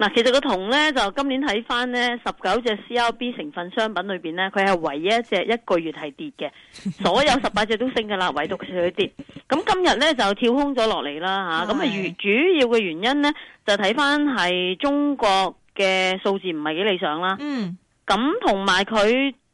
嗱，其實個銅咧就今年睇翻，咧，十九隻 C R B 成分商品裏邊咧，佢係唯一一隻一個月係跌嘅，所有十八隻都升噶啦，唯獨佢跌。咁 今日咧就跳空咗落嚟啦吓，咁啊是主要嘅原因咧就睇翻係中國嘅數字唔係幾理想啦。嗯，咁同埋佢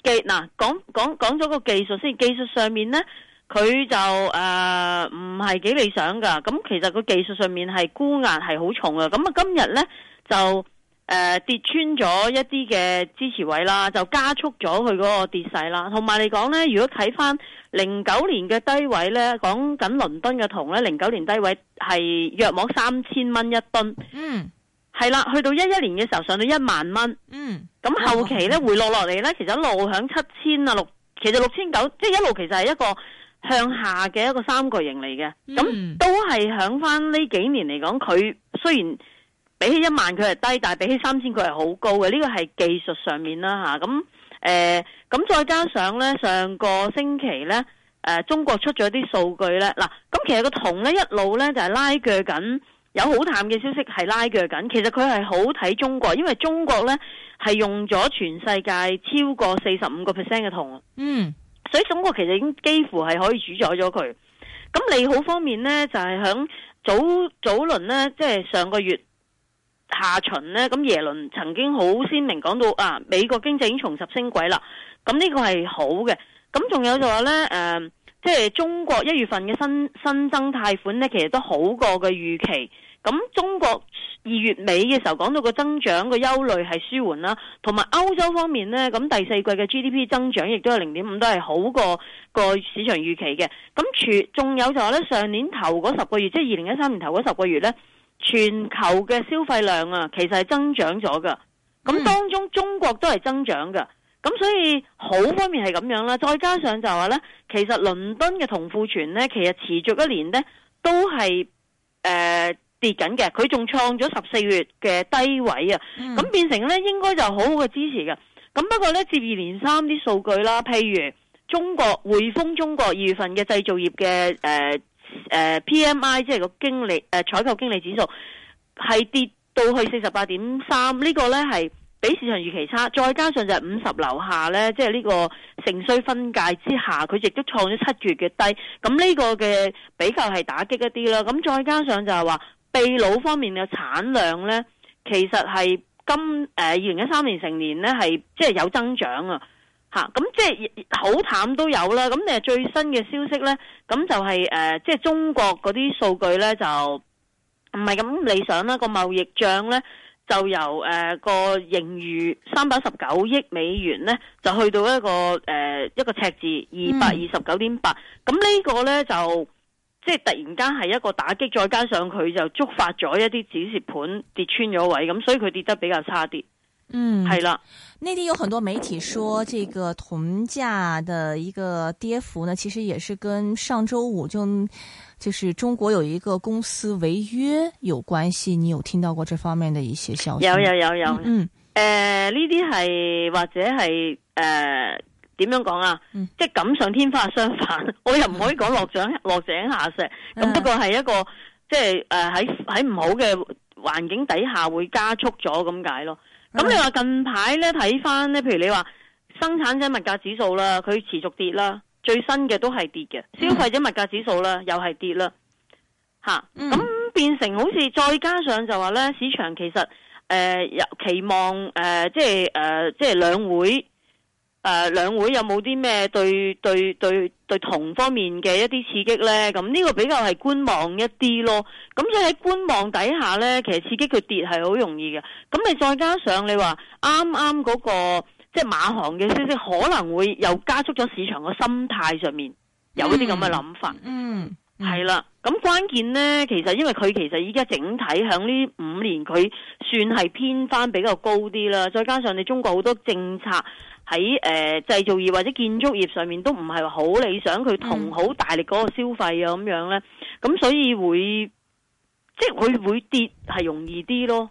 嘅嗱，講講講咗個技術先，技術上面咧佢就誒唔係幾理想噶。咁其實個技術上面係沽壓係好重㗎。咁啊，今日咧。就誒、呃、跌穿咗一啲嘅支持位啦，就加速咗佢嗰個跌勢啦。同埋嚟講呢，如果睇翻零九年嘅低位呢，講緊倫敦嘅銅呢，零九年低位係約莫三千蚊一噸。嗯，係啦，去到一一年嘅時候上到一萬蚊。嗯，咁後期呢、嗯、回落落嚟呢，其實一路響七千啊六，其實六千九，即係一路其實係一個向下嘅一個三角形嚟嘅。咁、嗯、都係響翻呢幾年嚟講，佢雖然，比起一萬佢係低，但係比起三千佢係好高嘅，呢、這個係技術上面啦。咁誒咁再加上呢，上個星期呢，啊、中國出咗啲數據呢。嗱、啊、咁、啊、其實個銅呢，一路呢就係、是、拉鋸緊，有好淡嘅消息係拉鋸緊。其實佢係好睇中國，因為中國呢係用咗全世界超過四十五個 percent 嘅銅，嗯，所以中國其實已經幾乎係可以主宰咗佢。咁、啊、利好方面呢，就係、是、響早早輪呢，即、就、係、是、上個月。下旬呢，咁耶倫曾經好鮮明講到啊，美國經濟已經重拾升軌啦。咁呢個係好嘅。咁仲有就話呢，誒、呃，即係中國一月份嘅新新增貸款呢，其實都好過嘅預期。咁中國二月尾嘅時候講到個增長個憂慮係舒緩啦，同埋歐洲方面呢，咁第四季嘅 GDP 增長亦都係零點五，都係好過個市場預期嘅。咁除仲有就話呢，上年頭嗰十個月，即係二零一三年頭嗰十個月呢。全球嘅消費量啊，其實係增長咗噶咁、嗯、當中中國都係增長噶咁所以好方面係咁樣啦。再加上就話咧，其實倫敦嘅銅庫存咧，其實持續一年咧都係誒、呃、跌緊嘅，佢仲創咗十四月嘅低位啊，咁、嗯、變成咧應該就好好嘅支持㗎。咁不過咧，接二連三啲數據啦，譬如中國匯豐中國二月份嘅製造業嘅誒。呃誒，P M I 即係個經理誒採購經理指數係跌到去四十八點三，呢個呢係比市場預期差，再加上就係五十樓下呢，即係呢個盛衰分界之下，佢亦都創咗七月嘅低，咁呢個嘅比較係打擊一啲啦。咁再加上就係話秘魯方面嘅產量呢，其實係今誒二零一三年成年呢，係即係有增長啊。咁即係好淡都有啦，咁你最新嘅消息呢，咁就係、是、誒、呃、即係中國嗰啲數據呢，就唔係咁理想啦，那個貿易賬呢，就由誒、呃那個盈餘三百一十九億美元呢，就去到一個誒、呃、一個赤字二百二十九點八，咁呢、嗯、個呢，就即係突然間係一個打擊，再加上佢就觸發咗一啲止蝕盤跌穿咗位，咁所以佢跌得比較差啲。嗯，係啦了，內地有很多媒體說，這個銅價的一個跌幅呢，其實也是跟上週五就，就是中國有一個公司違約有關係。你有聽到過這方面的一些消息？有有有有，嗯，誒呢啲係或者係誒點樣講啊？嗯、即係錦上添花相反，嗯、我又唔可以講落井落井下石咁。嗯、不過係一個即係誒喺喺唔好嘅環境底下會加速咗咁解咯。咁你話近排咧睇返咧，譬如你話生產者物價指數啦，佢持續跌啦，最新嘅都係跌嘅；消費者物價指數啦，又係跌啦，吓。咁變成好似再加上就話咧，市場其實誒、呃，期望誒、呃，即係誒、呃，即係兩會。誒兩、呃、會有冇啲咩對銅方面嘅一啲刺激呢？咁呢個比較係觀望一啲咯。咁所以喺觀望底下呢，其實刺激佢跌係好容易嘅。咁你再加上你話啱啱嗰個即係、就是、馬航嘅消息，可能會又加速咗市場嘅心態上面有一啲咁嘅諗法，嗯。嗯。係啦，咁、嗯、關鍵呢，其實因為佢其實依家整體響呢五年，佢算係偏翻比較高啲啦。再加上你中國好多政策喺誒製造業或者建築業上面都唔係話好理想，佢同好大力嗰個消費啊咁樣呢，咁、嗯、所以會即係佢會跌係容易啲咯。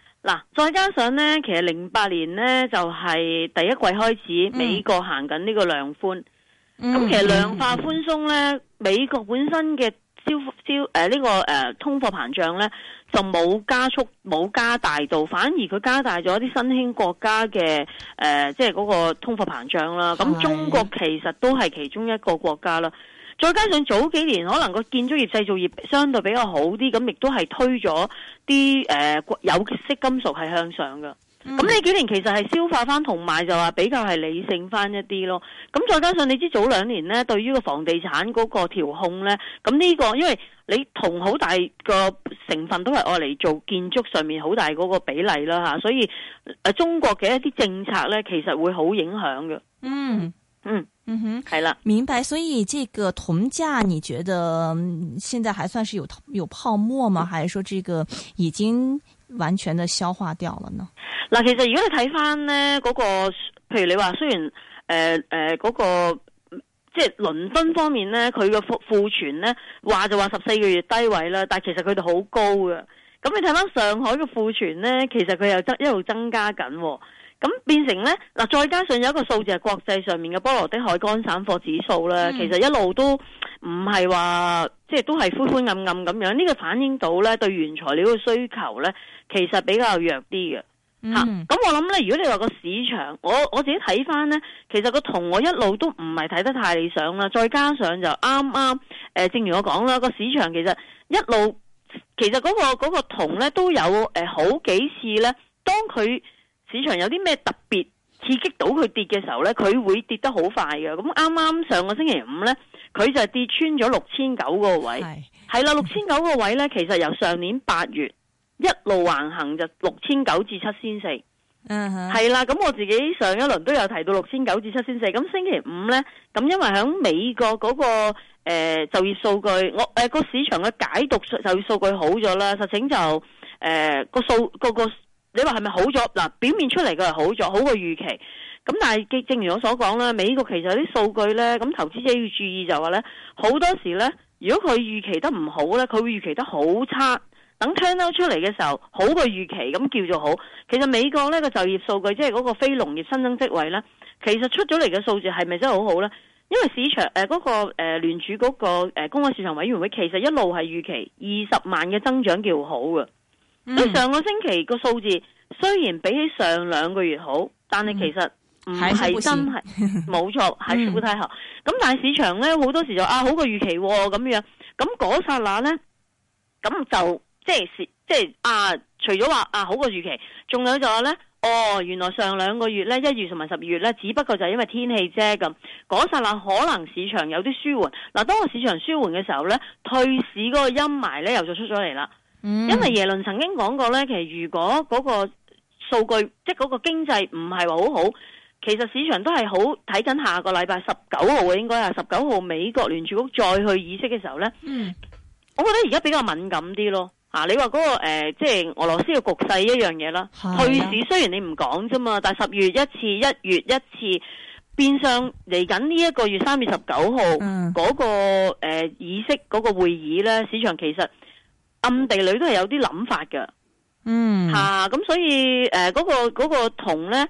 嗱、啊，再加上咧，其實零八年咧就係、是、第一季開始，嗯、美國行緊呢個量寬，咁、嗯、其實量化寬鬆咧，美國本身嘅消消誒、呃這個呃、呢個誒通貨膨脹咧就冇加速冇加大到，反而佢加大咗啲新興國家嘅誒即係嗰個通貨膨脹啦。咁的中國其實都係其中一個國家啦。再加上早幾年可能個建築業、製造業相對比較好啲，咁亦都係推咗啲誒有色金屬係向上嘅。咁呢、嗯、幾年其實係消化翻，同埋就話比較係理性翻一啲咯。咁再加上你知早兩年呢，對於個房地產嗰個調控呢，咁呢、呢個因為你銅好大個成分都係愛嚟做建築上面好大嗰個比例啦吓，所以誒中國嘅一啲政策呢，其實會好影響嘅。嗯。係啦，明白。所以這個銅價，你覺得現在還算是有有泡沫嗎？還是說這個已經完全的消化掉了呢？嗱，其實如果你睇翻呢嗰個，譬如你話雖然誒誒嗰個即係、就是、倫敦方面呢，佢個庫庫存呢話就話十四個月低位啦，但係其實佢哋好高嘅。咁你睇翻上海嘅庫存呢，其實佢又增一路增加緊，哦。咁變成咧嗱，再加上有一個數字係國際上面嘅波羅的海乾散貨指數咧，嗯、其實一路都唔係話即係都係灰灰暗暗咁樣。呢個反映到咧對原材料嘅需求咧，其實比較弱啲嘅。吓、嗯，咁、啊、我諗咧，如果你話個市場，我我自己睇翻咧，其實個銅我一路都唔係睇得太理想啦。再加上就啱啱誒，正如我講啦，個市場其實一路，其實嗰個嗰個銅咧都有誒、呃、好幾次咧，當佢。市場有啲咩特別刺激到佢跌嘅時候呢？佢會跌得好快嘅。咁啱啱上個星期五呢，佢就跌穿咗六千九個位。係係啦，六千九個位呢， 其實由上年八月一路橫行就六千九至七千四。嗯哼、uh，係、huh. 啦。咁我自己上一輪都有提到六千九至七千四。咁星期五呢，咁因為喺美國嗰、那個誒、呃、就業數據，我個、呃、市場嘅解讀就業數據好咗啦。實情就誒、呃、個數個，個。你話係咪好咗？嗱，表面出嚟嘅係好咗，好過預期。咁但係，正如我所講啦，美國其實啲數據呢，咁投資者要注意就話呢，好多時呢，如果佢預期得唔好呢，佢會預期得好差。等聽到出嚟嘅時候，好過預期，咁叫做好。其實美國呢個就業數據，即係嗰個非農業新增職位呢，其實出咗嚟嘅數字係咪真係好好呢？因為市場誒嗰個誒聯儲嗰個誒公開市場委員會，其實一路係預期二十萬嘅增長叫好嘅。你、嗯、上個星期個數字雖然比起上兩個月好，但係其實唔係真係，冇錯係沽太下，咁錯、 嗯、但係市場咧、啊，好多時、哦那個，就啊好過預期咁樣。咁嗰剎那咧，咁就即係即係啊，除咗話啊好過預期，仲有就話咧哦，原來上兩個月咧一月同埋十二月咧，只不過就係因為天氣啫。咁嗰剎那個、可能市場有啲舒緩。嗱、啊，當個市場舒緩嘅時候咧，退市嗰個陰霾咧又就出咗嚟啦。嗯、因為耶倫曾經講過呢，其實如果嗰個數據即係嗰個經濟唔係話好好，其實市場都係好睇緊下個禮拜十九號應該係十九號美國聯儲局再去議息嘅時候呢、嗯、我覺得而家比較敏感啲咯。吓、啊，你話嗰、嗰個誒，即、呃、係、即係、俄羅斯嘅局勢一樣嘢啦。的退市雖然你唔講啫嘛，但係十月一次，一月一次，變相嚟緊呢一個月三月十九號嗰個誒、呃、議息嗰、嗰個會議呢，市場其實。暗地裏都係有啲諗法嘅，嗯吓，咁、啊、所以誒嗰、呃那個嗰、那個銅咧，誒、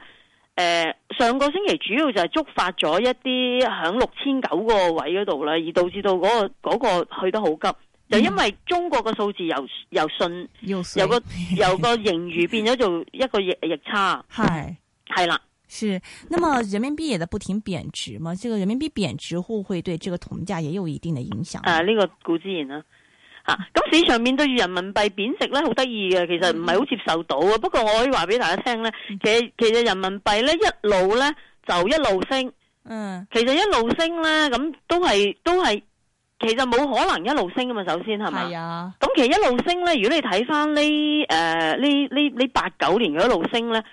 呃、上個星期主要就係觸發咗一啲響六千九個位嗰度啦，而導致到嗰、那個、那個去得好急，嗯、就因為中國嘅數字由由順又又信又個又 個盈餘變咗做一個逆 逆差，係係 Hi 啦，是。那麼人民幣也在不停貶值嘛？這個人民幣貶值會唔會對這個銅價也有一定的影響啊？呢、這個固之然啦。吓，咁市場面對住人民幣貶值咧，好得意嘅，其實唔係好接受到嘅。不過我可以話俾大家聽咧，其實其實人民幣咧一路咧就一路升，嗯，其實一路升咧咁都係都係，其實冇可能一路升㗎嘛。首先係咪？係啊！咁其實一路升咧，如果你睇翻呢誒呢呢呢八九年嘅一路升咧。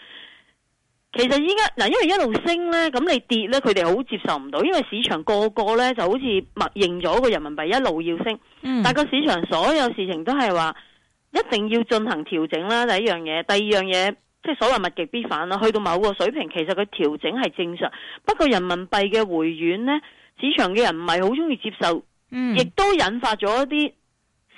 其實依家，嗱，因為一路升咧，咁你跌咧，佢哋好接受唔到，因為市場個個咧就好似默認咗個人民幣一路要升。嗯。但個市場所有事情都係話一定要進行調整啦。第一樣嘢，第二樣嘢，即係所謂物極必反啦。去到某個水平，其實佢調整係正常。不過人民幣嘅回軟咧，市場嘅人唔係好中意接受。嗯。亦都引發咗一啲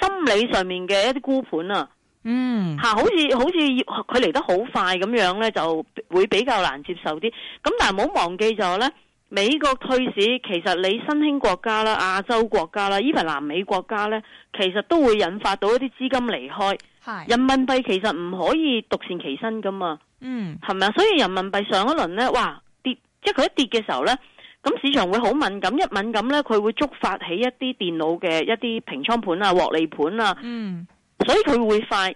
心理上面嘅一啲沽盤啊！嗯，吓，好似好似佢嚟得好快咁樣呢，就會比較難接受啲。咁但係唔好忘記咗呢，美國退市其實你新興國家啦、亞洲國家啦、even 南美國家呢，其實都會引發到一啲資金離開。是人民幣其實唔可以獨善其身噶嘛。嗯，係咪啊？所以人民幣上一輪呢，哇，跌，即係佢一跌嘅時候呢，咁市場會好敏感，一敏感呢，佢會觸發起一啲電腦嘅一啲平倉盤啊、獲利盤啊。嗯。所以佢會快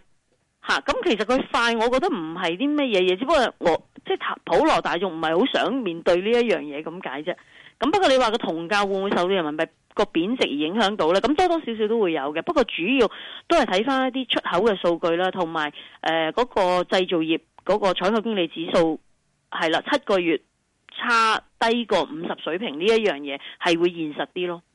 吓，咁、啊、其實佢快，我覺得唔係啲咩嘢嘢，只不過我即係普羅大眾唔係好想面對呢一樣嘢咁解啫。咁不過你話個銅價會唔會受到人民幣個貶值而影響到呢？咁多多少少都會有嘅，不過主要都係睇翻一啲出口嘅數據啦，同埋誒嗰個製造業嗰、嗰個採購經理指數係啦，七個月差低過五十水平呢一樣嘢係會現實啲咯。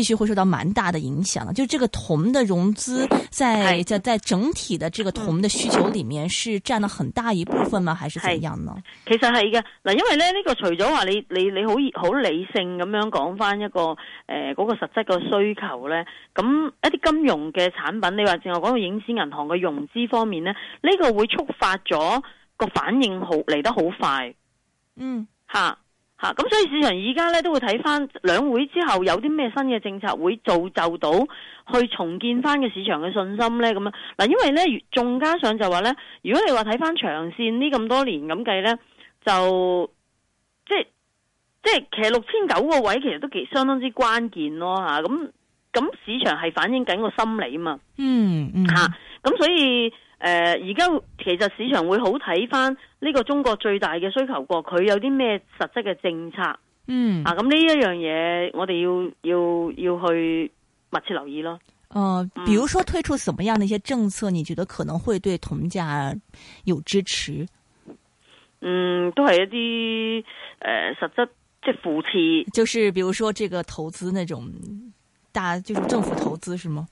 必須會受到蠻大的影響，就這個銅的融資在，在在是在整體的這個銅的需求裏面是佔了很大一部分嗎？還是怎樣呢？其實係嘅嗱，因為咧呢、這個除咗話你你你好好理性咁樣講返一個誒嗰、呃那個實質嘅需求咧，咁一啲金融嘅產品，你話正話講到影子銀行嘅融資方面咧，呢、這個會觸發咗個反應好嚟得好快，嗯吓。吓咁、啊，所以市場而家咧都會睇翻兩會之後有啲咩新嘅政策會造就到去重建翻嘅市場嘅信心咧咁樣嗱，因為咧仲加上就話咧，如果你話睇翻長線呢咁多年咁計咧，就即係即係其實六千九個位其實都幾相當之關鍵咯，咁咁、啊、市場係反映緊個心理嘛，嗯嗯咁、啊、所以。誒，而家、呃、其實市場會好睇翻呢個中國最大嘅需求國，佢有啲咩實質嘅政策？嗯，啊，咁呢一樣嘢我哋要要要去密切留意咯。啊、呃，比如說推出什麼樣的一些政策，嗯、你覺得可能會對銅價有支持？嗯，都係一啲誒、呃、實質即係扶持，就是比如說這個投資那種大，就是政府投資，是嗎？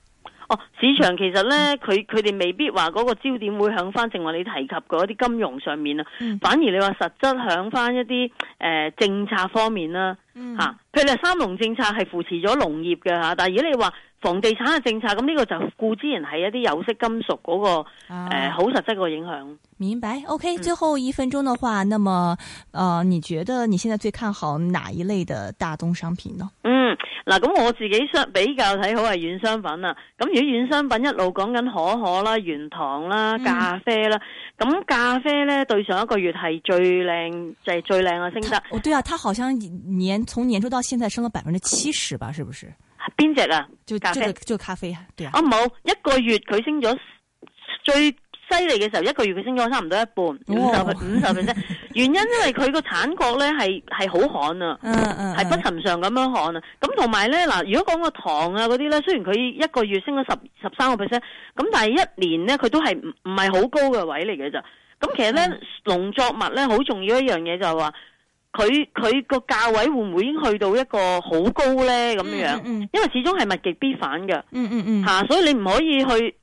哦，市場其實咧，佢佢哋未必話嗰個焦點會向翻正話你提及嗰啲金融上面啊，嗯、反而你話實質響翻一啲誒、呃、政策方面啦，吓、嗯啊，譬如三農政策係扶持咗農業嘅吓，但係如果你話房地產嘅政策，咁、這、呢個就固之然係一啲有色金屬嗰、那個誒好、啊呃、實質個影響。明白。OK，最後一分鐘嘅話，嗯、那麼誒、呃、你覺得你現在最看好哪一類嘅大宗商品呢？嗯嗱，咁、嗯、我自己相比較睇好係軟商品啦。咁如果軟商品一路講緊可可啦、原糖啦、咖啡啦，咁、嗯、咖啡咧對上一個月係最靚就係、是、最靚嘅升得。哦，對啊，它好像年從年初到現在升咗百分之七十吧？是不是？邊隻啊就咖啡就？就咖啡就咖啡啊？對啊。哦，冇一個月佢升咗最。犀利嘅時候，一個月佢升咗差唔多一半，五十五十 percent。 原因因為佢個產國咧係係好旱啊，係、uh, uh, uh, 不尋常咁樣旱啊。咁同埋咧嗱，如果講個糖啊嗰啲咧，雖然佢一個月升咗十十三個 percent，咁但係一年咧佢都係唔唔係好高嘅位嚟嘅咋。咁其實咧，農、uh. 作物咧好重要一樣嘢就係話。佢佢個價位會唔會已經去到一個好高呢？咁樣、嗯嗯、因為始終係物極必反嘅。吓、嗯嗯嗯啊，所以你唔可以去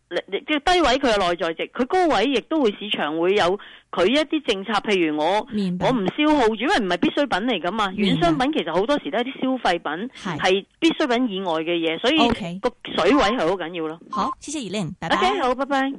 即係低位，佢有內在值，佢高位亦都會市場會有佢一啲政策，譬如我白我唔消耗，因為唔係必需品嚟噶嘛。軟白商品其實好多時都係啲消費品，係是必需品以外嘅嘢，所以個水位係好緊要咯。好，謝謝艷玲，拜拜。OK，好，拜拜。